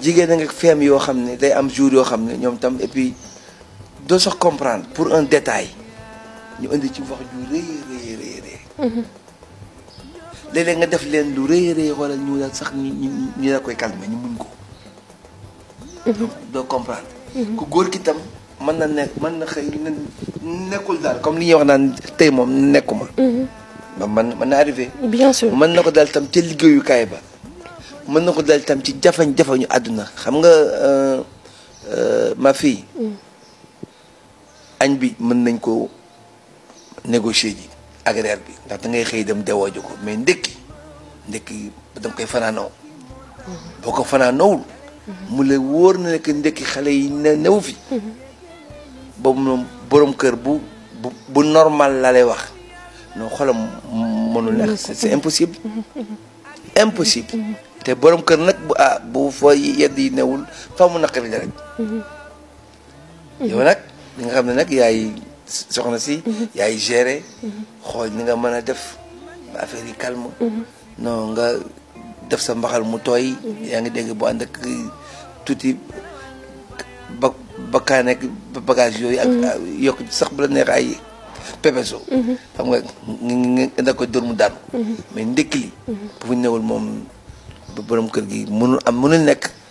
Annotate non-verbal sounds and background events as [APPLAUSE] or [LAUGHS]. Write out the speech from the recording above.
jigen nga yo ne day am jour ne tam et puis do sax comprendre pour un détail ñu andi ci wax ju rëy rëy rëy rëy léeg nga def leen lu nous, rëy xolal ñu sax la koy calmer ñu ko do comprendre mhm. ku ki tam na comme li ñi wax man man arrivé bien sûr man nako dal mën na ko dal tam ci jafañ-jafañu àdduna xam nga euh, euh, ma fii añ bi mën nañ ko négocier ji ak bi ndax da ngay xëy dem dewoo ji ko mais ndékki ndékki da nga koy fanaanoo boo ko fanaanoowul mu la wóor na nekk ndékki xale yi ne newu fi boobu moom borom kër bu bu normal la lay wax non xolam mënul nekk c'est impossible [LAUGHS] impossible te boroom kër nag bu ah bu fa yedd yi newul fa mu naqari la rek. Mm-hmm. yow nag li nga xam ne nag yaay soxna si. Mm-hmm. yaay gérer. Mm-hmm. xool ni nga mën a def affaire yi calme. non nga def sa mbaxal mu tooy. yaa ngi dégg bu ànd ak tuuti ba bakkaan yooyu. ak ah, yokk sax bu la neex ay. pepeso xam nga nga ko dóor mu daanu mais ndékki li newul moom borom kër gi mënul am mënul nekk